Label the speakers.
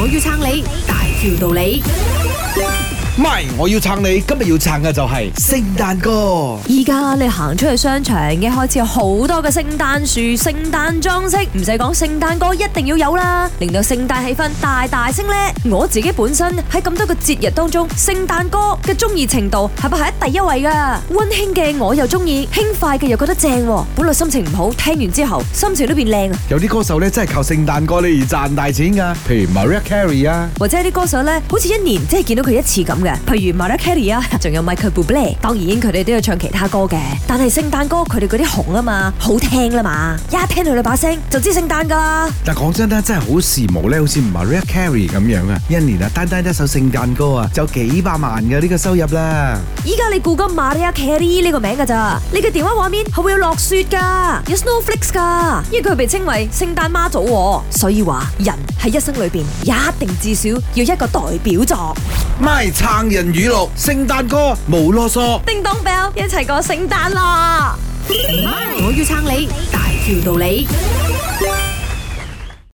Speaker 1: 我要撐你，大條道理。唔係，我要撐你，今日要撐嘅就係聖誕歌。而家你行出去商場已經開始有好多嘅聖誕樹、聖誕裝飾，唔使講聖誕歌一定要有啦，令到聖誕氣氛大大升咧。我自己本身喺咁多個節日當中，聖誕歌嘅中意程度係唔係喺第一位噶。溫馨嘅我又中意，輕快嘅又覺得正，啊。本來心情唔好，聽完之後心情都變靚啊！有啲歌手咧真係靠聖誕歌嚟賺大錢噶，啊，譬如 Mariah Carey 啊，或者啲歌手咧，好似一年真係見到佢一次咁嘅。譬如 Mariah Carey 啊，仲有 Michael Bublé，當然佢哋都要唱其他歌嘅，但係聖誕歌佢哋嗰啲紅啊嘛，好聽啦嘛，一,一聽到佢哋把聲就知聖誕噶啦。但講真啦，真係好時髦咧，好似 Mariah Carey 咁樣啊，一年啊，單單一首聖誕歌啊，就幾百萬噶呢個收入啦。依家你估緊 Mariah Carey 呢個名噶咋？你嘅電話畫面係會有落雪噶，有 snowflakes 噶，因為佢被稱為聖誕媽祖，所以話人喺一生裏邊一定至少要一個代表作。.咪撐人語錄，聖誕歌冇囉嗦，叮當 bell 一齊過聖誕咯！My，我要撐你，大條道理。